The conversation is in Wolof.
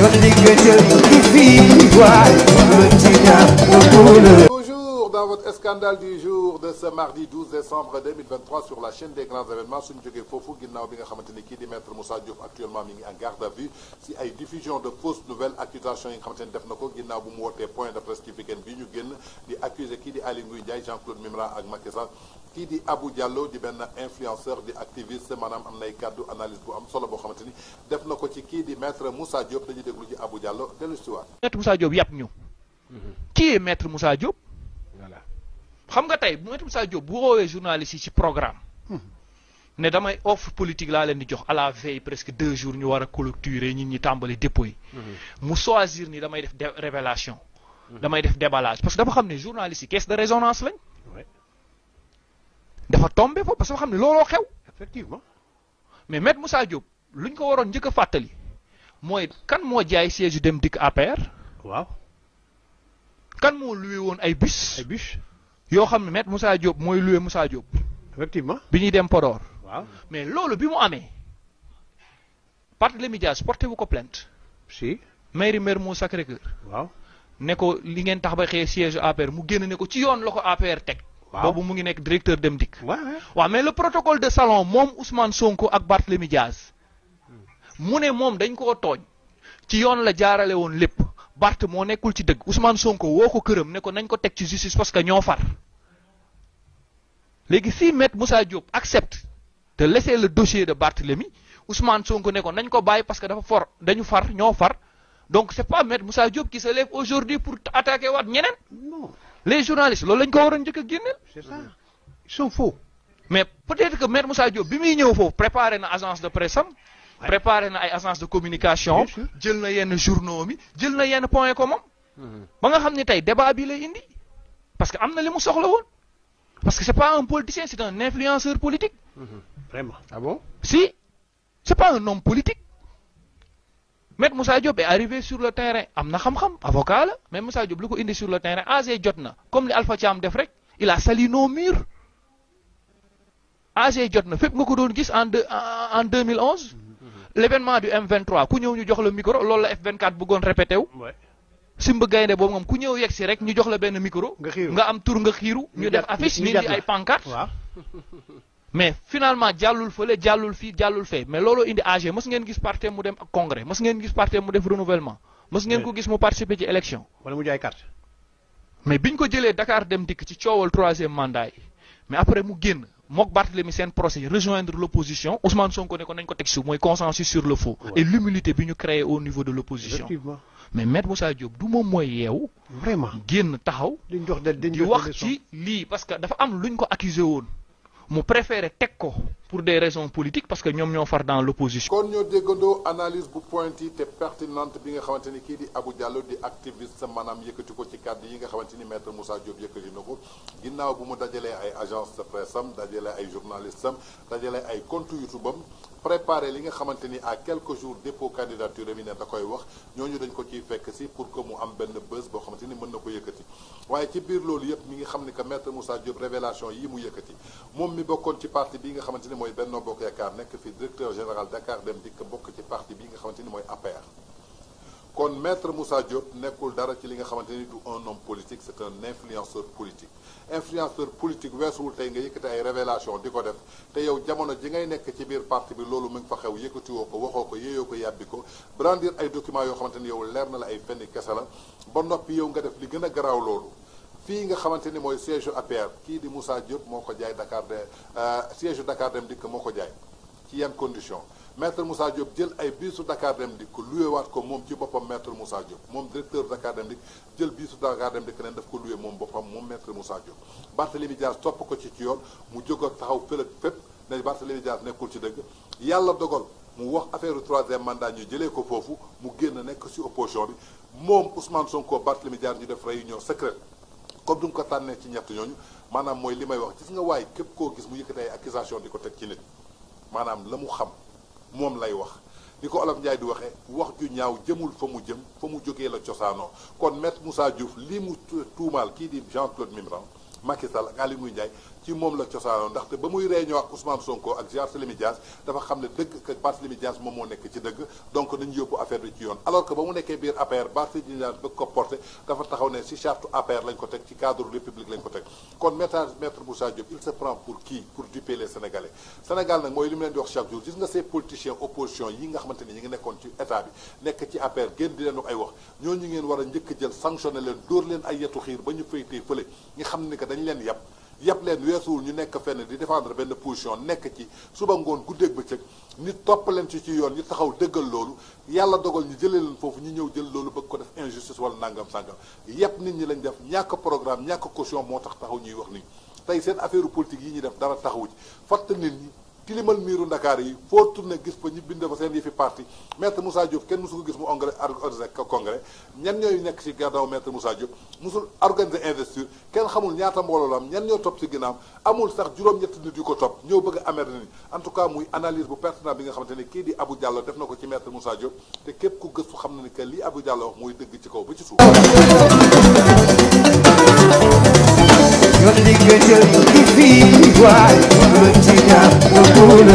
Yon li ke jeli ki fi Woy, mwen ti na mwen koule dans votre scandale du jour de ce mardi 12 décembre 2023 sur la chaîne des grands événements suñu Fofu foofu ginnaaw bi nga xamante di maître Moussa Diop actuellement mi en garde à vue si ay diffusion de fausses nouvelles accusations yi nga xamante ni na bu mu point de presse ci week-end bi ñu génn di accuser kii di Jean-Claude Mimran ak Macky qui dit di Abou Diallo di ben influenceur di activiste madame am nay kàddu analyse bu am solo boo xamante ni ci di maître Moussa Diop dañuy déglu ci Abou Diallo dellu si maître Moussa Diop ñu mhm. qui est maître Moussa Diop xam nga tey Maître Moussa Diop bu xoowee journaliste yi ci programme hmm. ne damay offre politique laa leen di jox à la veille presque deux jours ñu war a clôturer ñit ñi tàmbali dépôt yi hmm. mu choisir ni damay def révélation hmm. damay def déballage parce que dafa xam ne journaliste yi caisse de résonance lañ dafa tombé foofu parce que dafa xam ne looloo xew effectivement mais Maître Moussa lu luñ ko waroon njëkk a fàttali mooy kan moo jaay siège dem dikk APR waaw kan moo luwe woon ay bus ay yoo xam ne maître Moussa Diop mooy loué Moussa Diop. effectivement bi ñuy dem Podor. waaw mais loolu bi mu amee. Barthélémy Dias porté wu ko plainte. si mairie Mermoz Sacré-Cœur. waaw ne ko li ngeen tax ba xëyee siège APR mu génn ne ko ci yoon la ko APR teg. waaw boobu mu ngi nekk directeur Dem Dikk. waaw mais la protocole de salon moom Ousmane Sonko ak Barthélémy Dias. mu ne moom dañ koo tooñ. ci yoon la jaarale woon lépp. Barth moo nekkul ci dëgg Ousmane Sonko woo ko këram ne ko nañ ko teg ci justice parce que ñoo far léegi si maître Moussa Diop accepte de laisser le dossier de Barthélemy Ousmane Sonko ne ko nañ ko bàyyi parce que dafa for dañu far ñoo far donc c'est pas maître Moussa Diop qui se lève aujourd'hui pour attaquer waat ñeneen. les journalistes loolu lañ ko waroon njëkk a génneel. c'est ça faux. mais peut-être que maître Moussa Diop bi muy ñëw foofu préparé na agence de presse am préparé na ay de communication jël na yenn journaux mi jël na yenn point commun. moom ba nga xam ne tey débat bi lay indi parce que am na soxla woon parce que c'est pas un politicien c'est un influenceur politique mhm. vraiment ah bon si c'est pas un homme politique Maître Moussa Diop est arrivé sur le terrain am na xam-xam avocat mais Moussa Diop lu ko indi sur le terrain AG comme li Alpha Thiam def rek il a sali nos murs AG jot na fépp nga ko doon gis en deux en 2011 l'événement du M23 ku ñëw ñu jox la micro loolu la F24 bëggoon répété wu. simb gaynde boobu moom ku ñëw yegg si rek ñu jox la benn micro. nga nga am tur nga xiiru. ñu def affiche ñu di ay pancarte. mais finalement jàllul fële jàllul fii jàllul fee mais looloo indi AG mës ngeen gis parti mu dem ak congrès mës ngeen gis parti mu def renouvellement. mës ngeen ko gis mu participer ci élection. wala mu jaay carte. mais biñ ko jëlee dakaar dem dikk ci coowal troisième mandat mais après mu génn. Mok Barthélemy Sen procès rejoindre l'opposition Ousmane Sonko ne ko nañ ko teg consensus sur le faux et l'humilité de nous au niveau de l'opposition mais M. Moussa Diop du moom moyen yeewu vraiment génn taxaw di ci parce que dafa am luñ ko accusé mu préféré Teko pour des raisons politiques parce que nous sommes dans l'opposition préparer li nga à quelques jours dépôt candidature yi ne da koy wax dañ ko fekk pour que mu am benn buzz, boo xamante ni mën na ko yëkkati waaye ci mi que maître Moussa Diop révélation yi mu mi ci parti bi nga Bokk fi directeur général Dakar Dem bokk ci parti bi nga xamante ni kon maître musa Diop nekkul dara ci li nga xamante ni du un homme politique c'est un influenceur politique influenceur politique weesuwul tey nga yëkkati ay révélation di ko def te yow jamono ji ngay nekk ci biir parti bi loolu mu ngi fa xew yëkkatiwoo ko waxoo ko yéeyoo ko yàbbi ko brandir ay documents yoo xamante ni yow leer na la ay fenn kese la ba noppi yow nga def li gën a garaaw loolu fii nga xamante ni mooy siège APR kii di Moussa Diop moo ko jaay Dakar de euh, siège Dakar moo ko jaay ci yan condition maître Moussa Diop jël ay biisu Dakar Dem Dikk ko loué waat ko moom ci boppam maître Moussa Diop moom directeur Dakar Dem Dikk jël biisu Dakar Dem Dikk neen daf ko loué moom boppam moom maître Moussa Diop Barthélémy Dias topp ko ci ci yoon mu jóg ak taxaw fël ak fépp ne Barthélémy Dias nekkul ci dëgg yàlla dogal mu wax affaire troisième mandat ñu jëlee ko foofu mu génn nekk ci opposition bi moom Ousmane Sonko Barthélémy Dias ñu def réunion secrète comme du nga ko tànnee ci ñett ñooñu maanaam mooy li may wax gis nga waaye képp koo gis mu yëkkati ay accusation di ko teg ci nit maanaam la mu xam moom lay wax ni ko olof Njaay di waxee wax ju ñaaw jëmul fa mu jëm fa mu jógee la cosaanoo kon maître Moussa Diouf lii mu tuumaal kii di Jean Claude Mimran Macky Sall ak Aly Ndiaye ci moom la cosaanoon ndaxte ba muy réunion ak Ousmane Sonko ak Barthélémy Dias dafa xam ne dëgg que Barthélémy Dias moom moo nekk ci dëgg donc nañu yóbbu affaire bi ci yoon alors que ba mu nekkee biir APR Barthélémy Dias bëgg ko porté dafa taxaw ne si charte APR lañ ko teg ci cadre république lañ ko teg kon maître maître Moussa Diop il se prend pour qui pour duper les Sénégalais Sénégal nag mooy li mu leen di wax chaque jour gis nga ces politiciens opposition yi nga xamante ni ñi ngi nekkoon ci état bi nekk ci APR génn di leen wax ay wax ñooñu ngeen war a njëkk jël sanctionné leen dóor leen ay yetu xiir ba ñu faytee fële nga xam ne dañ leen yàpp yàpp leen weesuwul ñu nekk fenn di défendre benn position nekk ci suba ngoon guddeeg bëccëg ñu topp leen ci ci yoon ñu taxaw dëggal loolu yàlla dogal ñu jëlee leen foofu ñu ñëw jël loolu bëgg ko def injustice wala nangam sàngam yàpp nit ñi lañ def ñàkk programme ñàkk caution moo tax taxaw ñuy wax nii tey seen affaire politique yi ñu def dara taxawu ci nit ñi tilimal miiru Ndakaar yi foo tourné gis ko ñu binde ko seen yëfi parti maître Moussa Diop kenn mosu ko gis mu ongale organisé congrès ñan ñooy nekk ci gannaaw maître Moussa Diop mosul organiser investiture kenn xamul ñaata mbooloo la am ñan ñoo topp ci ginnaawam amul sax juróom-ñetti nit yu ko topp ñëw bëgg a amer ni en muy analyse bu pertinent bi nga xamante ne kii di Abou Diallo def na ko ci maître Moussa Diop te képp ku gëstu xam na ni que lii Abou Diallo wax mooy dëgg ci kaw ba ci suuf yoon di nga jël fi waay mënti ñaar